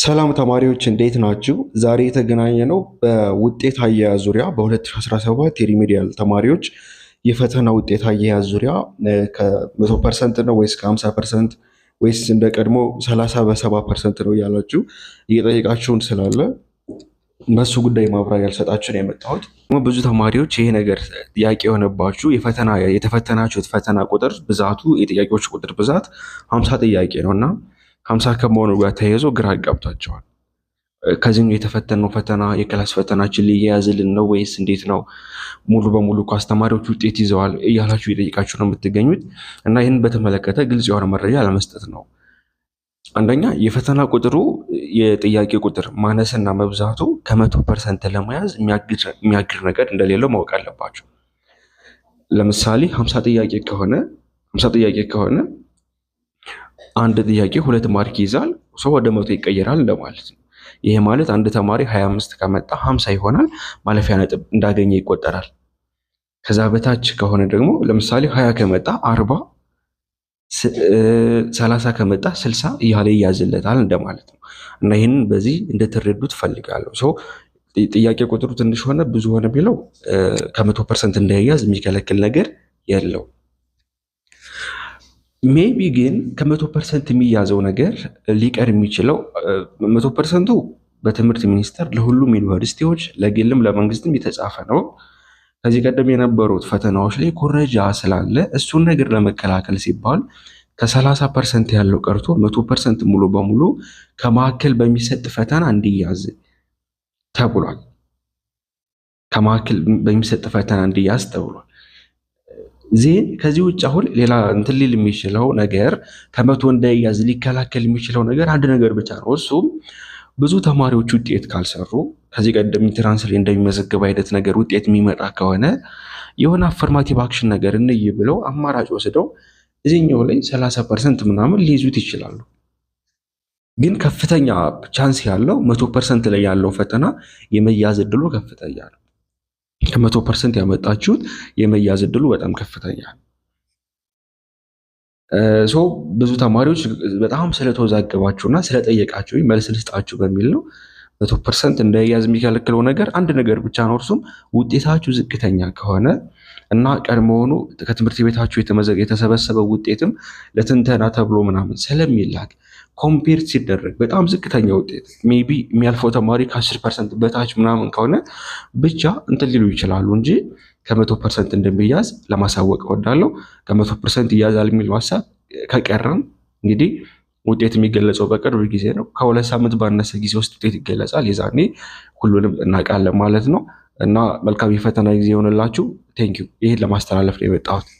ሰላም ተማሪዎች እንዴት ናችሁ? ዛሬ የተገናኘ ነው በውጤት አያያዝ ዙሪያ በ2017 የሪሜዲያል ተማሪዎች የፈተና ውጤት አያያዝ ዙሪያ ከ ፐርሰንት ነው ወይስ ከ50 ፐርሰንት ወይስ እንደ ቀድሞ 30 በ ፐርሰንት ነው እያላችሁ እየጠየቃችሁን ስላለ እነሱ ጉዳይ ማብራሪያ ያልሰጣችሁን የመጣሁት ብዙ ተማሪዎች ይሄ ነገር ጥያቄ የሆነባችሁ የፈተና የተፈተናችሁት ፈተና ቁጥር ብዛቱ የጥያቄዎች ቁጥር ብዛት ሀምሳ ጥያቄ ነው እና ሀምሳ ከመሆኑ ጋር ተያይዞ ግራ ገብቷቸዋል። ከዚህ የተፈተነው ፈተና የክላስ ፈተናችን ሊያያዝልን ነው ወይስ እንዴት ነው? ሙሉ በሙሉ እኮ አስተማሪዎች ውጤት ይዘዋል እያላችሁ የጠይቃችሁ ነው የምትገኙት። እና ይህን በተመለከተ ግልጽ የሆነ መረጃ ለመስጠት ነው። አንደኛ የፈተና ቁጥሩ የጥያቄ ቁጥር ማነስና መብዛቱ ከመቶ ፐርሰንት ለመያዝ የሚያግድ ነገር እንደሌለው ማወቅ አለባቸው። ለምሳሌ ሀምሳ ጥያቄ ከሆነ ሀምሳ ጥያቄ ከሆነ አንድ ጥያቄ ሁለት ማርክ ይይዛል። ሰው ወደ መቶ ይቀየራል ለማለት ነው። ይሄ ማለት አንድ ተማሪ 25 ከመጣ 50 ይሆናል፣ ማለፊያ ነጥብ እንዳገኘ ይቆጠራል። ከዛ በታች ከሆነ ደግሞ ለምሳሌ 20 ከመጣ 40፣ 30 ከመጣ 60 እያለ ይያዝለታል እንደማለት ነው። እና ይህንን በዚህ እንደተረዱ ትፈልጋለሁ። ሰው ጥያቄ ቁጥሩ ትንሽ ሆነ ብዙ ሆነ ቢለው ከመቶ ፐርሰንት እንዳይያዝ የሚከለክል ነገር የለው። ሜቢ ግን ከመቶ ፐርሰንት የሚያዘው ነገር ሊቀር የሚችለው መቶ ፐርሰንቱ በትምህርት ሚኒስቴር ለሁሉም ዩኒቨርሲቲዎች ለግልም ለመንግስትም የተጻፈ ነው። ከዚህ ቀደም የነበሩት ፈተናዎች ላይ ኮረጃ ስላለ እሱን ነገር ለመከላከል ሲባል ከ30 ፐርሰንት ያለው ቀርቶ መቶ ፐርሰንት ሙሉ በሙሉ ከማዕከል በሚሰጥ ፈተና እንዲያዝ ተብሏል። ከማዕከል በሚሰጥ ፈተና እንዲያዝ ተብሏል። ዜን ከዚህ ውጭ አሁን ሌላ እንትን ሊል የሚችለው ነገር ከመቶ እንዳይያዝ ሊከላከል የሚችለው ነገር አንድ ነገር ብቻ ነው። እሱም ብዙ ተማሪዎች ውጤት ካልሰሩ ከዚህ ቀደም ኢንትራንስ ላይ እንደሚመዘገብ አይነት ነገር ውጤት የሚመጣ ከሆነ የሆነ አፈርማቲቭ አክሽን ነገር እንይ ብለው አማራጭ ወስደው እዚህኛው ላይ 30 ፐርሰንት ምናምን ሊይዙት ይችላሉ። ግን ከፍተኛ ቻንስ ያለው መቶ ፐርሰንት ላይ ያለው ፈተና የመያዝ እድሉ ከፍተኛ ነው። ጥያቄ መቶ ፐርሰንት ያመጣችሁት የመያዝ እድሉ በጣም ከፍተኛ ሰው ብዙ ተማሪዎች በጣም ስለተወዛገባችሁና ስለጠየቃችሁ መልስ ልስጣችሁ በሚል ነው መቶ ፐርሰንት እንዳያዝ የሚከለክለው ነገር አንድ ነገር ብቻ ነው። እርሱም ውጤታችሁ ዝቅተኛ ከሆነ እና ቀድሞውኑ ከትምህርት ቤታችሁ የተሰበሰበው ውጤትም ለትንተና ተብሎ ምናምን ስለሚላክ ኮምፔር ሲደረግ በጣም ዝቅተኛ ውጤት ሜይ ቢ የሚያልፈው ተማሪ ከአስር ፐርሰንት በታች ምናምን ከሆነ ብቻ እንትን ሊሉ ይችላሉ እንጂ ከመቶ ፐርሰንት እንደሚያዝ ለማሳወቅ እወዳለሁ። ከመቶ ፐርሰንት ይያዛል የሚል ማሳብ ከቀረም እንግዲህ ውጤት የሚገለጸው በቅርብ ጊዜ ነው። ከሁለት ሳምንት ባነሰ ጊዜ ውስጥ ውጤት ይገለጻል። የዛኔ ሁሉንም እናውቃለን ማለት ነው። እና መልካም የፈተና ጊዜ የሆንላችሁ። ቴንኪዩ። ይህን ለማስተላለፍ ነው የመጣሁት።